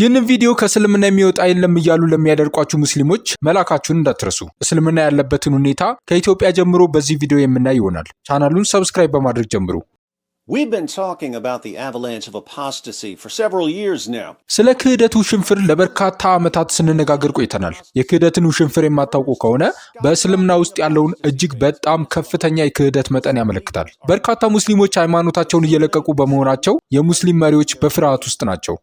ይህንን ቪዲዮ ከእስልምና የሚወጣ የለም እያሉ ለሚያደርቋችሁ ሙስሊሞች መላካችሁን እንዳትረሱ። እስልምና ያለበትን ሁኔታ ከኢትዮጵያ ጀምሮ በዚህ ቪዲዮ የምናይ ይሆናል። ቻናሉን ሰብስክራይብ በማድረግ ጀምሩ። ስለ ክህደት ውሽንፍር ለበርካታ ዓመታት ስንነጋገር ቆይተናል። የክህደትን ውሽንፍር የማታውቁ ከሆነ በእስልምና ውስጥ ያለውን እጅግ በጣም ከፍተኛ የክህደት መጠን ያመለክታል። በርካታ ሙስሊሞች ሃይማኖታቸውን እየለቀቁ በመሆናቸው የሙስሊም መሪዎች በፍርሃት ውስጥ ናቸው።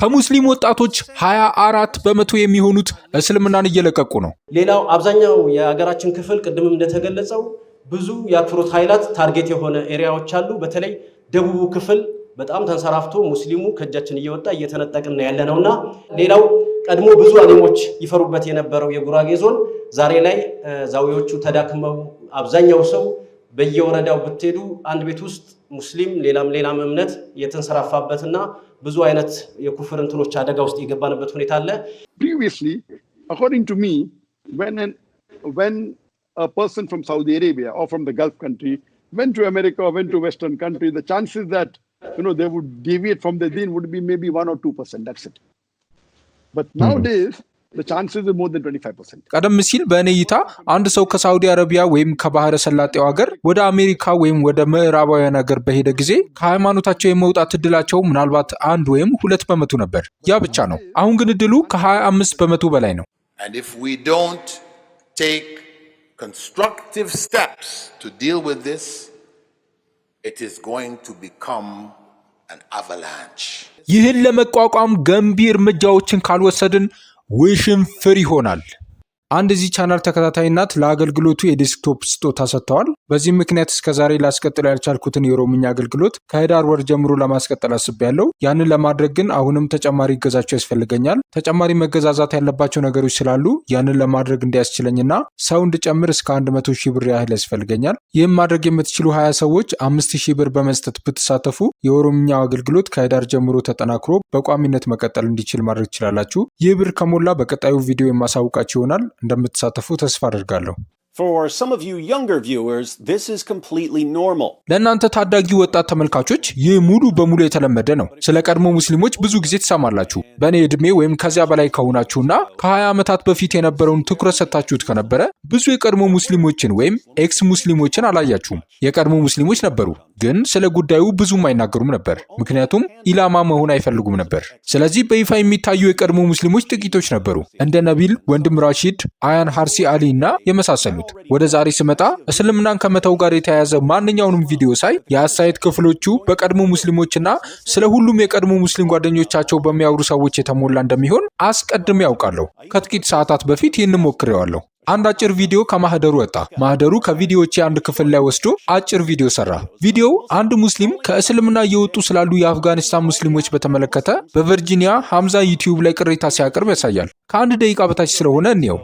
ከሙስሊም ወጣቶች 24 በመቶ የሚሆኑት እስልምናን እየለቀቁ ነው። ሌላው አብዛኛው የሀገራችን ክፍል ቅድምም እንደተገለጸው ብዙ የአክፍሮት ኃይላት ታርጌት የሆነ ኤሪያዎች አሉ። በተለይ ደቡቡ ክፍል በጣም ተንሰራፍቶ ሙስሊሙ ከእጃችን እየወጣ እየተነጠቅን ያለ ነው እና ሌላው ቀድሞ ብዙ አሊሞች ይፈሩበት የነበረው የጉራጌ ዞን ዛሬ ላይ ዛዊዎቹ ተዳክመው አብዛኛው ሰው በየወረዳው ብትሄዱ አንድ ቤት ውስጥ Previously, according to me, when ብዙ a person from Saudi Arabia or from the Gulf country went to America or went to Western country, the chances that you know they would deviate from the deen would be maybe one or two percent. That's it. But hmm. nowadays, ቀደም ሲል በእኔ እይታ አንድ ሰው ከሳውዲ አረቢያ ወይም ከባህረ ሰላጤው ሀገር ወደ አሜሪካ ወይም ወደ ምዕራባውያን ሀገር በሄደ ጊዜ ከሃይማኖታቸው የመውጣት እድላቸው ምናልባት አንድ ወይም ሁለት በመቶ ነበር። ያ ብቻ ነው። አሁን ግን እድሉ ከ25 በመቶ በላይ ነው። ይህን ለመቋቋም ገንቢ እርምጃዎችን ካልወሰድን ውሽንፍር ይሆናል። አንድ እዚህ ቻናል ተከታታይ እናት ለአገልግሎቱ የዴስክቶፕ ስጦታ ሰጥተዋል። በዚህም ምክንያት እስከዛሬ ላስቀጥል ያልቻልኩትን የኦሮምኛ አገልግሎት ከህዳር ወር ጀምሮ ለማስቀጠል አስቤያለሁ። ያንን ለማድረግ ግን አሁንም ተጨማሪ እገዛቸው ያስፈልገኛል። ተጨማሪ መገዛዛት ያለባቸው ነገሮች ስላሉ ያንን ለማድረግ እንዲያስችለኝና ሰው እንድጨምር እስከ 100 ሺህ ብር ያህል ያስፈልገኛል። ይህም ማድረግ የምትችሉ 20 ሰዎች አምስት ሺህ ብር በመስጠት ብትሳተፉ የኦሮምኛው አገልግሎት ከህዳር ጀምሮ ተጠናክሮ በቋሚነት መቀጠል እንዲችል ማድረግ ትችላላችሁ። ይህ ብር ከሞላ በቀጣዩ ቪዲዮ የማሳውቃችሁ ይሆናል። እንደምትሳተፉ ተስፋ አድርጋለሁ። ለእናንተ ታዳጊ ወጣት ተመልካቾች ይህ ሙሉ በሙሉ የተለመደ ነው። ስለ ቀድሞ ሙስሊሞች ብዙ ጊዜ ትሰማላችሁ። በእኔ ዕድሜ ወይም ከዚያ በላይ ከሆናችሁና ከ20 ዓመታት በፊት የነበረውን ትኩረት ሰጥታችሁት ከነበረ ብዙ የቀድሞ ሙስሊሞችን ወይም ኤክስ ሙስሊሞችን አላያችሁም። የቀድሞ ሙስሊሞች ነበሩ ግን ስለ ጉዳዩ ብዙም አይናገሩም ነበር፣ ምክንያቱም ኢላማ መሆን አይፈልጉም ነበር። ስለዚህ በይፋ የሚታዩ የቀድሞ ሙስሊሞች ጥቂቶች ነበሩ፣ እንደ ነቢል ወንድም ራሺድ፣ አያን ሀርሲ አሊ እና የመሳሰሉት። ወደ ዛሬ ስመጣ እስልምናን ከመተው ጋር የተያያዘ ማንኛውንም ቪዲዮ ሳይ የአስተያየት ክፍሎቹ በቀድሞ ሙስሊሞችና ስለ ሁሉም የቀድሞ ሙስሊም ጓደኞቻቸው በሚያወሩ ሰዎች የተሞላ እንደሚሆን አስቀድሜ ያውቃለሁ። ከጥቂት ሰዓታት በፊት ይህን ሞክሬዋለሁ። አንድ አጭር ቪዲዮ ከማህደሩ ወጣ። ማህደሩ ከቪዲዮዎቼ አንድ ክፍል ላይ ወስዶ አጭር ቪዲዮ ሰራ። ቪዲዮው አንድ ሙስሊም ከእስልምና እየወጡ ስላሉ የአፍጋኒስታን ሙስሊሞች በተመለከተ በቨርጂኒያ ሐምዛ ዩቲዩብ ላይ ቅሬታ ሲያቀርብ ያሳያል። ከአንድ ደቂቃ በታች ስለሆነ እንየው።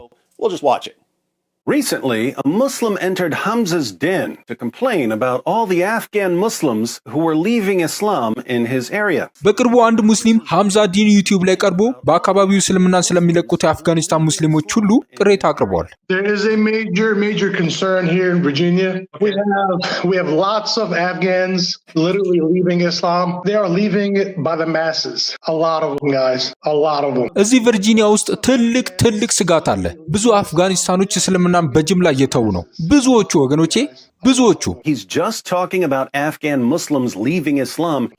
Recently, a Muslim entered Hamza's den to complain about all the Afghan Muslims who were leaving Islam in his area. በቅርቡ አንድ ሙስሊም ሐምዛ ዲን ዩቲዩብ ላይ ቀርቦ በአካባቢው እስልምናን ስለሚለቁት የአፍጋኒስታን ሙስሊሞች ሁሉ ቅሬታ አቅርቧል። There is a major major concern here in Virginia. We have we have lots of Afghans literally leaving Islam. They are leaving by the masses. A lot of them guys, a lot of them. እዚህ ቨርጂኒያ ውስጥ ትልቅ ትልቅ ስጋት አለ። ብዙ አፍጋኒስታኖች እስልምና ሙስናን በጅምላ እየተዉ ነው። ብዙዎቹ ወገኖቼ ብዙዎቹ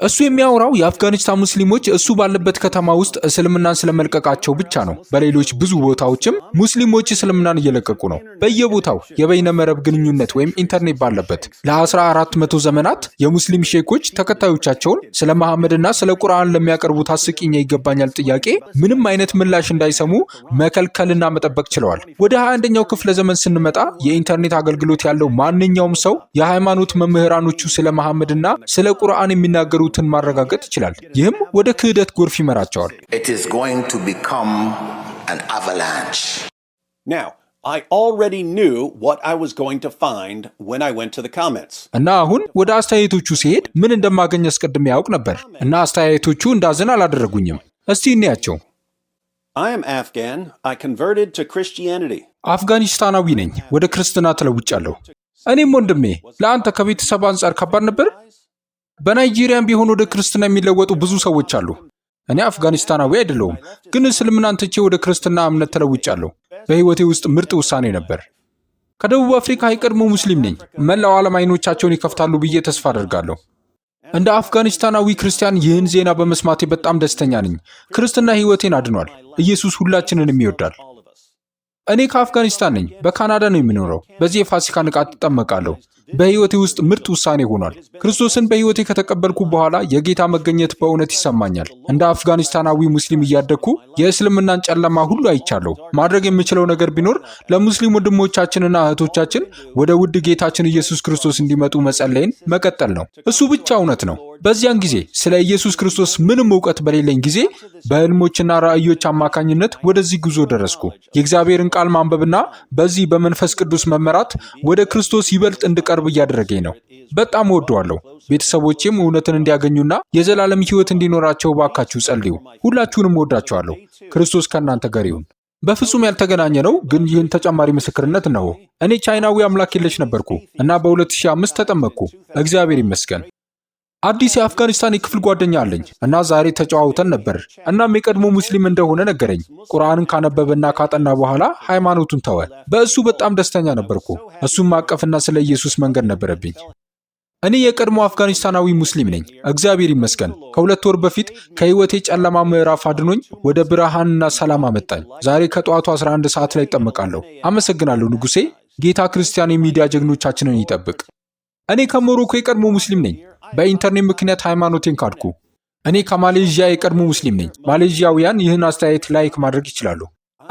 እሱ የሚያወራው የአፍጋኒስታን ሙስሊሞች እሱ ባለበት ከተማ ውስጥ እስልምናን ስለመልቀቃቸው ብቻ ነው። በሌሎች ብዙ ቦታዎችም ሙስሊሞች እስልምናን እየለቀቁ ነው። በየቦታው የበይነ መረብ ግንኙነት ወይም ኢንተርኔት ባለበት ለ14 መቶ ዘመናት የሙስሊም ሼኮች ተከታዮቻቸውን ስለ መሐመድና ስለ ቁርአን ለሚያቀርቡት አስቂኝ ይገባኛል ጥያቄ ምንም አይነት ምላሽ እንዳይሰሙ መከልከልና መጠበቅ ችለዋል። ወደ 21ኛው ክፍለ ዘመን ስንመጣ የኢንተርኔት አገልግሎት ያለው ማንኛውም ማንኛውም ሰው የሃይማኖት መምህራኖቹ ስለ መሐመድና ስለ ቁርአን የሚናገሩትን ማረጋገጥ ይችላል። ይህም ወደ ክህደት ጎርፍ ይመራቸዋል። እና አሁን ወደ አስተያየቶቹ ሲሄድ ምን እንደማገኝ አስቀድሜ ያውቅ ነበር እና አስተያየቶቹ እንዳዝን አላደረጉኝም። እስቲ እንያቸው። አፍጋኒስታናዊ ነኝ። ወደ ክርስትና ተለውጫለሁ። እኔም ወንድሜ ለአንተ ከቤተሰብ አንጻር ከባድ ነበር። በናይጄሪያም ቢሆን ወደ ክርስትና የሚለወጡ ብዙ ሰዎች አሉ። እኔ አፍጋኒስታናዊ አይደለሁም፣ ግን እስልምናን ትቼ ወደ ክርስትና እምነት ተለውጫለሁ። በህይወቴ ውስጥ ምርጥ ውሳኔ ነበር። ከደቡብ አፍሪካ የቀድሞ ሙስሊም ነኝ። መላው ዓለም አይኖቻቸውን ይከፍታሉ ብዬ ተስፋ አደርጋለሁ። እንደ አፍጋኒስታናዊ ክርስቲያን ይህን ዜና በመስማቴ በጣም ደስተኛ ነኝ። ክርስትና ህይወቴን አድኗል። ኢየሱስ ሁላችንንም ይወዳል። እኔ ከአፍጋኒስታን ነኝ። በካናዳ ነው የምኖረው። በዚህ የፋሲካ ንቃት እጠመቃለሁ። በሕይወቴ ውስጥ ምርጥ ውሳኔ ሆኗል። ክርስቶስን በሕይወቴ ከተቀበልኩ በኋላ የጌታ መገኘት በእውነት ይሰማኛል። እንደ አፍጋኒስታናዊ ሙስሊም እያደግኩ የእስልምናን ጨለማ ሁሉ አይቻለሁ። ማድረግ የምችለው ነገር ቢኖር ለሙስሊም ወንድሞቻችንና እህቶቻችን ወደ ውድ ጌታችን ኢየሱስ ክርስቶስ እንዲመጡ መጸለይን መቀጠል ነው። እሱ ብቻ እውነት ነው። በዚያን ጊዜ ስለ ኢየሱስ ክርስቶስ ምንም እውቀት በሌለኝ ጊዜ በህልሞችና ራእዮች አማካኝነት ወደዚህ ጉዞ ደረስኩ። የእግዚአብሔርን ቃል ማንበብና በዚህ በመንፈስ ቅዱስ መመራት ወደ ክርስቶስ ይበልጥ እንድቀርብ እያደረገኝ ነው። በጣም እወደዋለሁ። ቤተሰቦቼም እውነትን እንዲያገኙና የዘላለም ሕይወት እንዲኖራቸው ባካችሁ ጸልዩ። ሁላችሁንም እወዳችኋለሁ። ክርስቶስ ከእናንተ ጋር ይሁን። በፍጹም ያልተገናኘ ነው፣ ግን ይህን ተጨማሪ ምስክርነት ነው። እኔ ቻይናዊ አምላክ የለሽ ነበርኩ እና በ2005 ተጠመቅኩ። እግዚአብሔር ይመስገን። አዲስ የአፍጋኒስታን የክፍል ጓደኛ አለኝ እና ዛሬ ተጨዋውተን ነበር። እናም የቀድሞ ሙስሊም እንደሆነ ነገረኝ። ቁርአንን ካነበበና ካጠና በኋላ ሃይማኖቱን ተወ። በእሱ በጣም ደስተኛ ነበርኩ። እሱም ማቀፍና ስለ ኢየሱስ መንገድ ነበረብኝ። እኔ የቀድሞ አፍጋኒስታናዊ ሙስሊም ነኝ፣ እግዚአብሔር ይመስገን። ከሁለት ወር በፊት ከህይወቴ ጨለማ ምዕራፍ አድኖኝ ወደ ብርሃንና ሰላም አመጣኝ። ዛሬ ከጠዋቱ 11 ሰዓት ላይ እጠመቃለሁ። አመሰግናለሁ ንጉሴ። ጌታ ክርስቲያን የሚዲያ ጀግኖቻችንን ይጠብቅ። እኔ ከሞሮኮ የቀድሞ ሙስሊም ነኝ። በኢንተርኔት ምክንያት ሃይማኖቴን ካድኩ። እኔ ከማሌዥያ የቀድሞ ሙስሊም ነኝ። ማሌዥያውያን ይህን አስተያየት ላይክ ማድረግ ይችላሉ።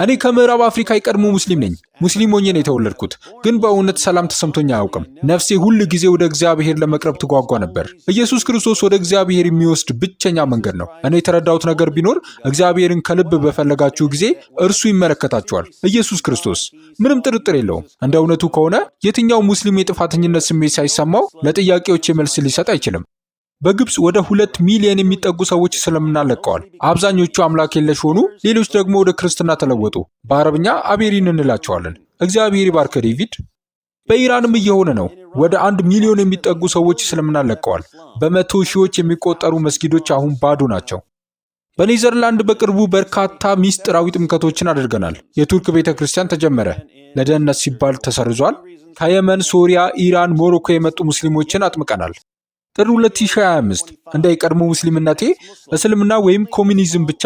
እኔ ከምዕራብ አፍሪካ የቀድሞ ሙስሊም ነኝ። ሙስሊም ሆኜ ነው የተወለድኩት፣ ግን በእውነት ሰላም ተሰምቶኝ አያውቅም። ነፍሴ ሁል ጊዜ ወደ እግዚአብሔር ለመቅረብ ትጓጓ ነበር። ኢየሱስ ክርስቶስ ወደ እግዚአብሔር የሚወስድ ብቸኛ መንገድ ነው። እኔ የተረዳሁት ነገር ቢኖር እግዚአብሔርን ከልብ በፈለጋችሁ ጊዜ እርሱ ይመለከታችኋል። ኢየሱስ ክርስቶስ ምንም ጥርጥር የለውም። እንደ እውነቱ ከሆነ የትኛው ሙስሊም የጥፋተኝነት ስሜት ሳይሰማው ለጥያቄዎች የመልስ ሊሰጥ አይችልም። በግብፅ ወደ ሁለት ሚሊዮን የሚጠጉ ሰዎች እስልምና ለቀዋል። አብዛኞቹ አምላክ የለሽ ሆኑ፣ ሌሎች ደግሞ ወደ ክርስትና ተለወጡ። በአረብኛ አቤሪን እንላቸዋለን። እግዚአብሔር ይባርከ ዴቪድ። በኢራንም እየሆነ ነው። ወደ አንድ ሚሊዮን የሚጠጉ ሰዎች እስልምና ለቀዋል። በመቶ ሺዎች የሚቆጠሩ መስጊዶች አሁን ባዶ ናቸው። በኔዘርላንድ በቅርቡ በርካታ ሚስጥራዊ ጥምቀቶችን አድርገናል። የቱርክ ቤተ ክርስቲያን ተጀመረ፣ ለደህንነት ሲባል ተሰርዟል። ከየመን፣ ሶሪያ፣ ኢራን፣ ሞሮኮ የመጡ ሙስሊሞችን አጥምቀናል። ጥር 2025 እንደ የቀድሞ ሙስሊምነቴ እስልምና ወይም ኮሚኒዝም ብቻ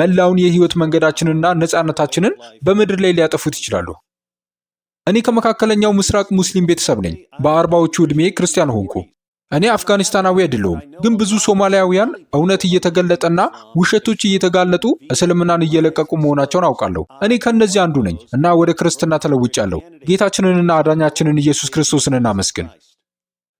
መላውን የህይወት መንገዳችንና ነፃነታችንን በምድር ላይ ሊያጠፉት ይችላሉ። እኔ ከመካከለኛው ምስራቅ ሙስሊም ቤተሰብ ነኝ። በአርባዎቹ ዕድሜ ክርስቲያን ሆንኩ። እኔ አፍጋኒስታናዊ አይደለሁም፣ ግን ብዙ ሶማሊያውያን እውነት እየተገለጠና ውሸቶች እየተጋለጡ እስልምናን እየለቀቁ መሆናቸውን አውቃለሁ። እኔ ከእነዚህ አንዱ ነኝ እና ወደ ክርስትና ተለውጫለሁ። ጌታችንንና አዳኛችንን ኢየሱስ ክርስቶስን እናመስግን።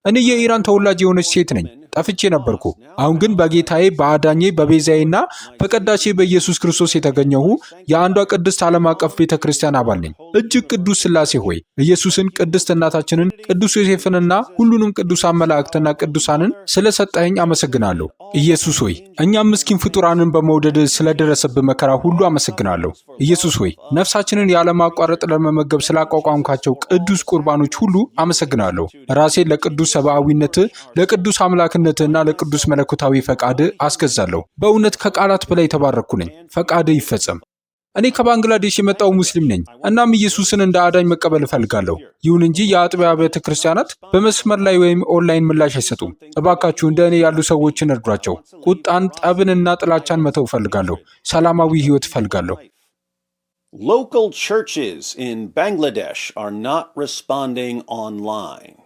እኔ የኢራን ተወላጅ የሆነች ሴት ነኝ። ጠፍቼ ነበርኩ። አሁን ግን በጌታዬ በአዳኜ በቤዛዬና በቀዳሼ በኢየሱስ ክርስቶስ የተገኘሁ የአንዷ ቅድስት ዓለም አቀፍ ቤተ ክርስቲያን አባል ነኝ። እጅግ ቅዱስ ሥላሴ ሆይ ኢየሱስን፣ ቅድስት እናታችንን፣ ቅዱስ ዮሴፍንና ሁሉንም ቅዱሳን መላእክትና ቅዱሳንን ስለሰጠኸኝ አመሰግናለሁ። ኢየሱስ ሆይ እኛም ምስኪን ፍጡራንን በመውደድ ስለደረሰብ መከራ ሁሉ አመሰግናለሁ። ኢየሱስ ሆይ ነፍሳችንን ያለማቋረጥ ለመመገብ ስላቋቋምካቸው ቅዱስ ቁርባኖች ሁሉ አመሰግናለሁ። ራሴን ለቅዱስ ሰብአዊነት ለቅዱስ አምላክነት ለቸርነትህና ለቅዱስ መለኮታዊ ፈቃድ አስገዛለሁ። በእውነት ከቃላት በላይ የተባረኩ ነኝ። ፈቃድ ይፈጸም። እኔ ከባንግላዴሽ የመጣው ሙስሊም ነኝ። እናም ኢየሱስን እንደ አዳኝ መቀበል እፈልጋለሁ። ይሁን እንጂ የአጥቢያ ቤተ ክርስቲያናት በመስመር ላይ ወይም ኦንላይን ምላሽ አይሰጡም። እባካችሁ እንደ እኔ ያሉ ሰዎችን እርዷቸው። ቁጣን፣ ጠብንና ጥላቻን መተው እፈልጋለሁ። ሰላማዊ ህይወት እፈልጋለሁ። Local churches in Bangladesh are not responding online.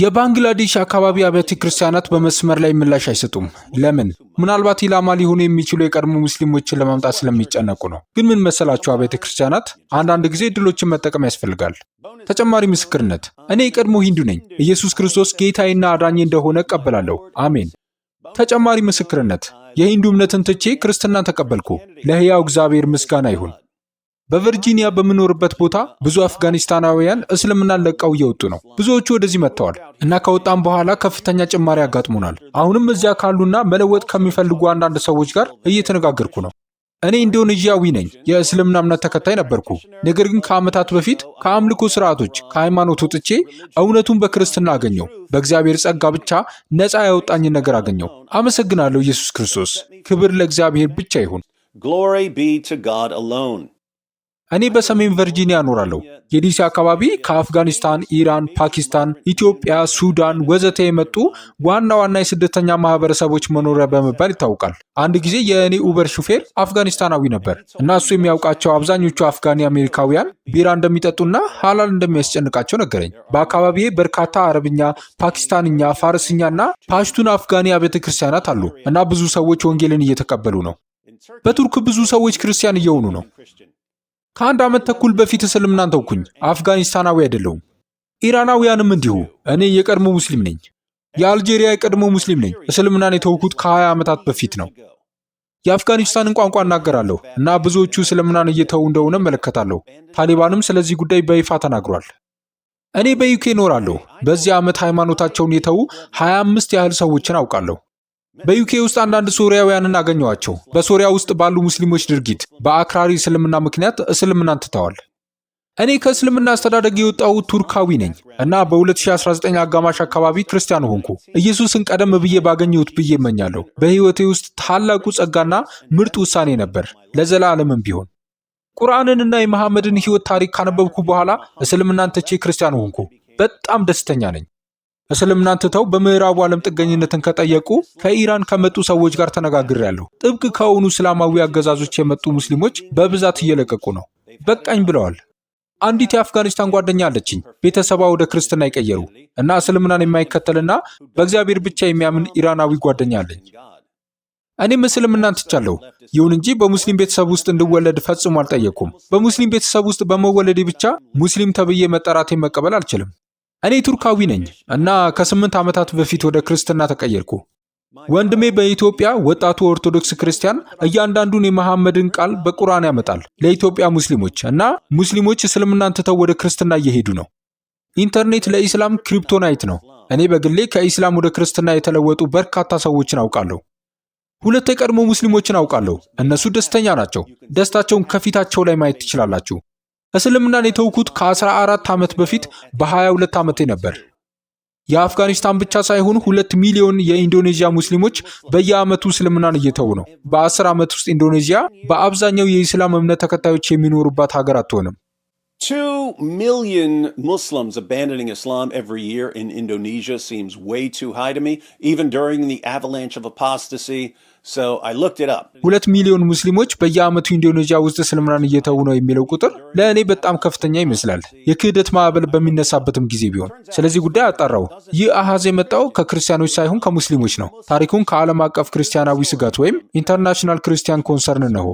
የባንግላዴሽ አካባቢ አብያተ ክርስቲያናት በመስመር ላይ ምላሽ አይሰጡም። ለምን? ምናልባት ኢላማ ሊሆኑ የሚችሉ የቀድሞ ሙስሊሞችን ለማምጣት ስለሚጨነቁ ነው። ግን ምን መሰላችሁ? አብያተ ክርስቲያናት አንዳንድ ጊዜ እድሎችን መጠቀም ያስፈልጋል። ተጨማሪ ምስክርነት፣ እኔ የቀድሞ ሂንዱ ነኝ። ኢየሱስ ክርስቶስ ጌታዬና አዳኜ እንደሆነ እቀበላለሁ። አሜን። ተጨማሪ ምስክርነት፣ የሂንዱ እምነትን ትቼ ክርስትናን ተቀበልኩ። ለሕያው እግዚአብሔር ምስጋና ይሁን። በቨርጂኒያ በምኖርበት ቦታ ብዙ አፍጋኒስታናውያን እስልምናን ለቀው እየወጡ ነው። ብዙዎቹ ወደዚህ መጥተዋል እና ከወጣም በኋላ ከፍተኛ ጭማሪ ያጋጥሙናል። አሁንም እዚያ ካሉና መለወጥ ከሚፈልጉ አንዳንድ ሰዎች ጋር እየተነጋገርኩ ነው። እኔ ኢንዶኔዥያዊ ነኝ። የእስልምና እምነት ተከታይ ነበርኩ። ነገር ግን ከዓመታት በፊት ከአምልኮ ስርዓቶች፣ ከሃይማኖት ወጥቼ እውነቱን በክርስትና አገኘው። በእግዚአብሔር ጸጋ ብቻ ነፃ ያወጣኝን ነገር አገኘው። አመሰግናለሁ ኢየሱስ ክርስቶስ። ክብር ለእግዚአብሔር ብቻ ይሁን። እኔ በሰሜን ቨርጂኒያ እኖራለሁ። የዲሲ አካባቢ ከአፍጋኒስታን፣ ኢራን፣ ፓኪስታን፣ ኢትዮጵያ፣ ሱዳን ወዘተ የመጡ ዋና ዋና የስደተኛ ማህበረሰቦች መኖሪያ በመባል ይታወቃል። አንድ ጊዜ የእኔ ኡበር ሹፌር አፍጋኒስታናዊ ነበር እና እሱ የሚያውቃቸው አብዛኞቹ አፍጋኒ አሜሪካውያን ቢራ እንደሚጠጡና ሀላል እንደሚያስጨንቃቸው ነገረኝ። በአካባቢዬ በርካታ አረብኛ፣ ፓኪስታንኛ፣ ፋርስኛ እና ፓሽቱን አፍጋኒ አብያተ ክርስቲያናት አሉ እና ብዙ ሰዎች ወንጌልን እየተቀበሉ ነው። በቱርክ ብዙ ሰዎች ክርስቲያን እየሆኑ ነው። ከአንድ ዓመት ተኩል በፊት እስልምናን ተውኩኝ። አፍጋኒስታናዊ አይደለሁም። ኢራናውያንም እንዲሁ። እኔ የቀድሞ ሙስሊም ነኝ። የአልጄሪያ የቀድሞ ሙስሊም ነኝ። እስልምናን የተውኩት ከ20 ዓመታት በፊት ነው። የአፍጋኒስታንን ቋንቋ እናገራለሁ እና ብዙዎቹ እስልምናን እየተው እንደሆነ እመለከታለሁ። ታሊባንም ስለዚህ ጉዳይ በይፋ ተናግሯል። እኔ በዩኬ እኖራለሁ። በዚህ ዓመት ሃይማኖታቸውን የተዉ 25 ያህል ሰዎችን አውቃለሁ። በዩኬ ውስጥ አንዳንድ ሶሪያውያንን አገኘዋቸው። በሶሪያ ውስጥ ባሉ ሙስሊሞች ድርጊት በአክራሪ እስልምና ምክንያት እስልምናን ትተዋል። እኔ ከእስልምና አስተዳደግ የወጣው ቱርካዊ ነኝ እና በ2019 አጋማሽ አካባቢ ክርስቲያን ሆንኩ። ኢየሱስን ቀደም ብዬ ባገኘሁት ብዬ እመኛለሁ። በሕይወቴ ውስጥ ታላቁ ጸጋና ምርጥ ውሳኔ ነበር፣ ለዘላለምም ቢሆን። ቁርአንንና የመሐመድን ሕይወት ታሪክ ካነበብኩ በኋላ እስልምናን ትቼ ክርስቲያን ሆንኩ። በጣም ደስተኛ ነኝ። እስልምናን ትተው በምዕራቡ ዓለም ጥገኝነትን ከጠየቁ ከኢራን ከመጡ ሰዎች ጋር ተነጋግሬያለሁ። ጥብቅ ከሆኑ እስላማዊ አገዛዞች የመጡ ሙስሊሞች በብዛት እየለቀቁ ነው። በቃኝ ብለዋል። አንዲት የአፍጋኒስታን ጓደኛ አለችኝ። ቤተሰቧ ወደ ክርስትና አይቀየሩ እና እስልምናን የማይከተልና በእግዚአብሔር ብቻ የሚያምን ኢራናዊ ጓደኛ አለኝ። እኔም እስልምናን ትቻለሁ። ይሁን እንጂ በሙስሊም ቤተሰብ ውስጥ እንድወለድ ፈጽሞ አልጠየቁም። በሙስሊም ቤተሰብ ውስጥ በመወለዴ ብቻ ሙስሊም ተብዬ መጠራቴን መቀበል አልችልም። እኔ ቱርካዊ ነኝ እና ከስምንት ዓመታት በፊት ወደ ክርስትና ተቀየርኩ። ወንድሜ በኢትዮጵያ ወጣቱ ኦርቶዶክስ ክርስቲያን እያንዳንዱን የመሐመድን ቃል በቁርአን ያመጣል ለኢትዮጵያ ሙስሊሞች እና ሙስሊሞች እስልምናን ትተው ወደ ክርስትና እየሄዱ ነው። ኢንተርኔት ለኢስላም ክሪፕቶናይት ነው። እኔ በግሌ ከኢስላም ወደ ክርስትና የተለወጡ በርካታ ሰዎችን አውቃለሁ። ሁለት የቀድሞ ሙስሊሞችን አውቃለሁ። እነሱ ደስተኛ ናቸው። ደስታቸውን ከፊታቸው ላይ ማየት ትችላላችሁ። እስልምናን የተውኩት ከ14 ዓመት በፊት በ22 ዓመቴ ነበር። የአፍጋኒስታን ብቻ ሳይሆን ሁለት ሚሊዮን የኢንዶኔዥያ ሙስሊሞች በየአመቱ እስልምናን እየተው ነው። በ10 ዓመት ውስጥ ኢንዶኔዥያ በአብዛኛው የኢስላም እምነት ተከታዮች የሚኖሩባት ሀገር አትሆንም። ቱ ሁለት ሚሊዮን ሙስሊሞች በየዓመቱ ኢንዶኔዥያ ውስጥ እስልምናን እየተዉ ነው የሚለው ቁጥር ለእኔ በጣም ከፍተኛ ይመስላል፣ የክህደት ማዕበል በሚነሳበትም ጊዜ ቢሆን። ስለዚህ ጉዳይ አጣራው። ይህ አሃዝ የመጣው ከክርስቲያኖች ሳይሆን ከሙስሊሞች ነው። ታሪኩን ከዓለም አቀፍ ክርስቲያናዊ ስጋት ወይም ኢንተርናሽናል ክርስቲያን ኮንሰርን ነው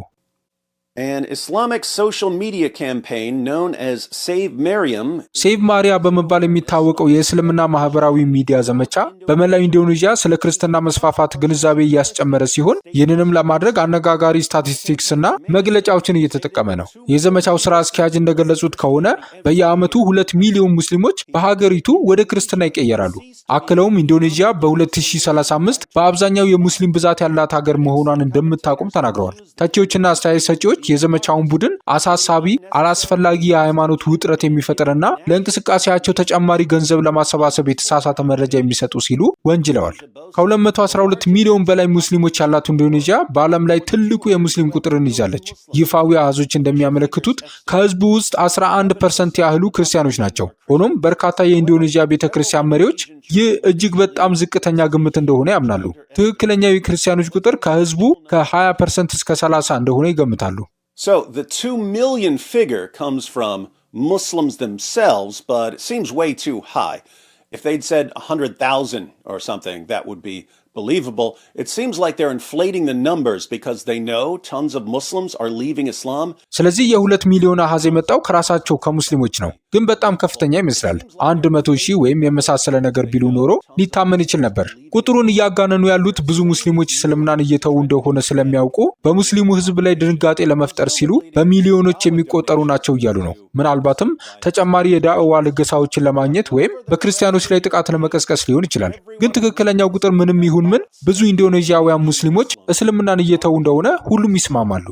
An Islamic social media campaign known as Save Maryam ሴቭ ማሪያ በመባል የሚታወቀው የእስልምና ማህበራዊ ሚዲያ ዘመቻ በመላው ኢንዶኔዥያ ስለ ክርስትና መስፋፋት ግንዛቤ እያስጨመረ ሲሆን ይህንንም ለማድረግ አነጋጋሪ ስታቲስቲክስ እና መግለጫዎችን እየተጠቀመ ነው። የዘመቻው ስራ አስኪያጅ እንደገለጹት ከሆነ በየዓመቱ ሁለት ሚሊዮን ሙስሊሞች በሀገሪቱ ወደ ክርስትና ይቀየራሉ። አክለውም ኢንዶኔዥያ በ2035 በአብዛኛው የሙስሊም ብዛት ያላት ሀገር መሆኗን እንደምታቁም ተናግረዋል። ተቺዎችና አስተያየት ሰጪዎች ሰዎች የዘመቻውን ቡድን አሳሳቢ፣ አላስፈላጊ የሃይማኖት ውጥረት የሚፈጥርና ለእንቅስቃሴያቸው ተጨማሪ ገንዘብ ለማሰባሰብ የተሳሳተ መረጃ የሚሰጡ ሲሉ ወንጅለዋል። ከ212 ሚሊዮን በላይ ሙስሊሞች ያላት ኢንዶኔዥያ በዓለም ላይ ትልቁ የሙስሊም ቁጥርን ይዛለች። ይፋዊ አሃዞች እንደሚያመለክቱት ከህዝቡ ውስጥ 11 ፐርሰንት ያህሉ ክርስቲያኖች ናቸው። ሆኖም በርካታ የኢንዶኔዥያ ቤተ ክርስቲያን መሪዎች ይህ እጅግ በጣም ዝቅተኛ ግምት እንደሆነ ያምናሉ። ትክክለኛው የክርስቲያኖች ቁጥር ከህዝቡ ከ20 ፐርሰንት እስከ 30 እንደሆነ ይገምታሉ። So the 2 million figure comes from Muslims themselves, but it seems way too high. If they'd said 100,000 or something, that would be believable. It seems like they're inflating the numbers because they know tons of Muslims are leaving Islam. ስለዚህ የሁለት ሚሊዮን አሃዝ የመጣው ከራሳቸው ከሙስሊሞች ነው። ግን በጣም ከፍተኛ ይመስላል። አንድ መቶ ሺህ ወይም የመሳሰለ ነገር ቢሉ ኖሮ ሊታመን ይችል ነበር። ቁጥሩን እያጋነኑ ያሉት ብዙ ሙስሊሞች እስልምናን እየተዉ እንደሆነ ስለሚያውቁ በሙስሊሙ ሕዝብ ላይ ድንጋጤ ለመፍጠር ሲሉ በሚሊዮኖች የሚቆጠሩ ናቸው እያሉ ነው። ምናልባትም ተጨማሪ የዳዕዋ ልገሳዎችን ለማግኘት ወይም በክርስቲያኖች ላይ ጥቃት ለመቀስቀስ ሊሆን ይችላል። ግን ትክክለኛው ቁጥር ምንም ይሁን ምን ብዙ ኢንዶኔዥያውያን ሙስሊሞች እስልምናን እየተዉ እንደሆነ ሁሉም ይስማማሉ።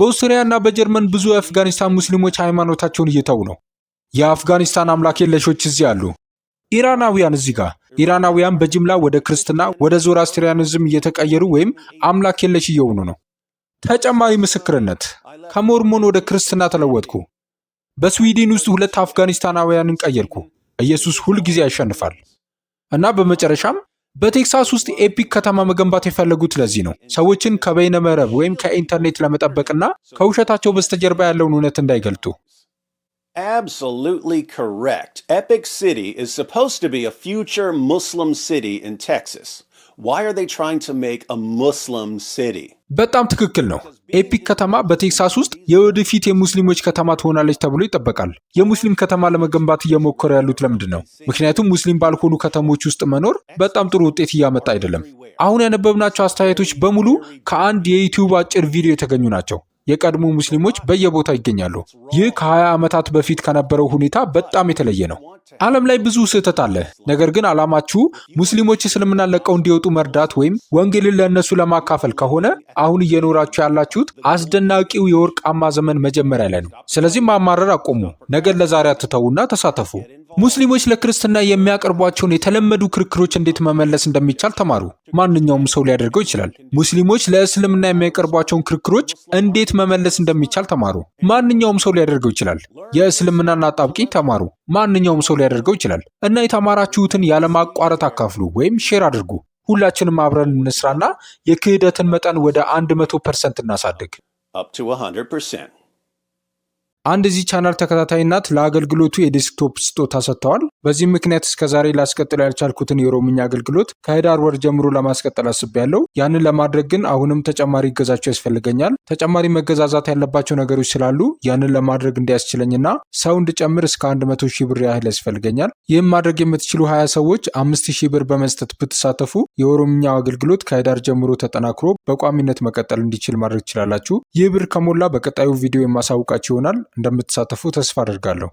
በኦስትሪያ እና በጀርመን ብዙ የአፍጋኒስታን ሙስሊሞች ሃይማኖታቸውን እየተዉ ነው። የአፍጋኒስታን አምላክ የለሾች እዚህ አሉ። ኢራናውያን እዚህ ጋር ኢራናውያን በጅምላ ወደ ክርስትና፣ ወደ ዞራስትሪያኒዝም እየተቀየሩ ወይም አምላክ የለሽ እየሆኑ ነው። ተጨማሪ ምስክርነት ከሞርሞን ወደ ክርስትና ተለወጥኩ። በስዊድን ውስጥ ሁለት አፍጋኒስታናውያንን ቀየርኩ። ኢየሱስ ሁልጊዜ ያሸንፋል እና በመጨረሻም በቴክሳስ ውስጥ ኤፒክ ከተማ መገንባት የፈለጉት ለዚህ ነው። ሰዎችን ከበይነ መረብ ወይም ከኢንተርኔት ለመጠበቅና ከውሸታቸው በስተጀርባ ያለውን እውነት እንዳይገልጡ። Absolutely correct. Epic City is supposed to be a future Muslim city in Texas. በጣም ትክክል ነው። ኤፒክ ከተማ በቴክሳስ ውስጥ የወደፊት የሙስሊሞች ከተማ ትሆናለች ተብሎ ይጠበቃል። የሙስሊም ከተማ ለመገንባት እየሞከሩ ያሉት ለምንድን ነው? ምክንያቱም ሙስሊም ባልሆኑ ከተሞች ውስጥ መኖር በጣም ጥሩ ውጤት እያመጣ አይደለም። አሁን ያነበብናቸው አስተያየቶች በሙሉ ከአንድ የዩቲዩብ አጭር ቪዲዮ የተገኙ ናቸው። የቀድሞ ሙስሊሞች በየቦታው ይገኛሉ። ይህ ከ20 ዓመታት በፊት ከነበረው ሁኔታ በጣም የተለየ ነው። ዓለም ላይ ብዙ ስህተት አለ። ነገር ግን ዓላማችሁ ሙስሊሞች እስልምና ለቀው እንዲወጡ መርዳት ወይም ወንጌልን ለእነሱ ለማካፈል ከሆነ አሁን እየኖራችሁ ያላችሁት አስደናቂው የወርቃማ ዘመን መጀመሪያ ላይ ነው። ስለዚህም ማማረር አቆሙ። ነገን ለዛሬ አትተዉና ተሳተፉ። ሙስሊሞች ለክርስትና የሚያቀርቧቸውን የተለመዱ ክርክሮች እንዴት መመለስ እንደሚቻል ተማሩ። ማንኛውም ሰው ሊያደርገው ይችላል። ሙስሊሞች ለእስልምና የሚያቀርቧቸውን ክርክሮች እንዴት መመለስ እንደሚቻል ተማሩ። ማንኛውም ሰው ሊያደርገው ይችላል። የእስልምናና አጣብቂኝ ተማሩ። ማንኛውም ሰው ሊያደርገው ይችላል እና የተማራችሁትን ያለማቋረጥ አካፍሉ ወይም ሼር አድርጉ። ሁላችንም አብረን እንስራና የክህደትን መጠን ወደ 100 ፐርሰንት እናሳድግ። አንድ እዚህ ቻናል ተከታታይ እናት ለአገልግሎቱ የዴስክቶፕ ስጦታ ሰጥተዋል። በዚህ ምክንያት እስከ ዛሬ ላስቀጥል ያልቻልኩትን የኦሮምኛ አገልግሎት ከህዳር ወር ጀምሮ ለማስቀጠል አስቤያለሁ። ያንን ለማድረግ ግን አሁንም ተጨማሪ እገዛቸው ያስፈልገኛል። ተጨማሪ መገዛዛት ያለባቸው ነገሮች ስላሉ ያንን ለማድረግ እንዲያስችለኝና ሰው እንድጨምር እስከ 100 ሺህ ብር ያህል ያስፈልገኛል። ይህም ማድረግ የምትችሉ 20 ሰዎች ሺህ ብር በመስጠት ብትሳተፉ የኦሮምኛው አገልግሎት ከህዳር ጀምሮ ተጠናክሮ በቋሚነት መቀጠል እንዲችል ማድረግ ትችላላችሁ። ይህ ብር ከሞላ በቀጣዩ ቪዲዮ የማሳውቃችሁ ይሆናል። እንደምትሳተፉ ተስፋ አደርጋለሁ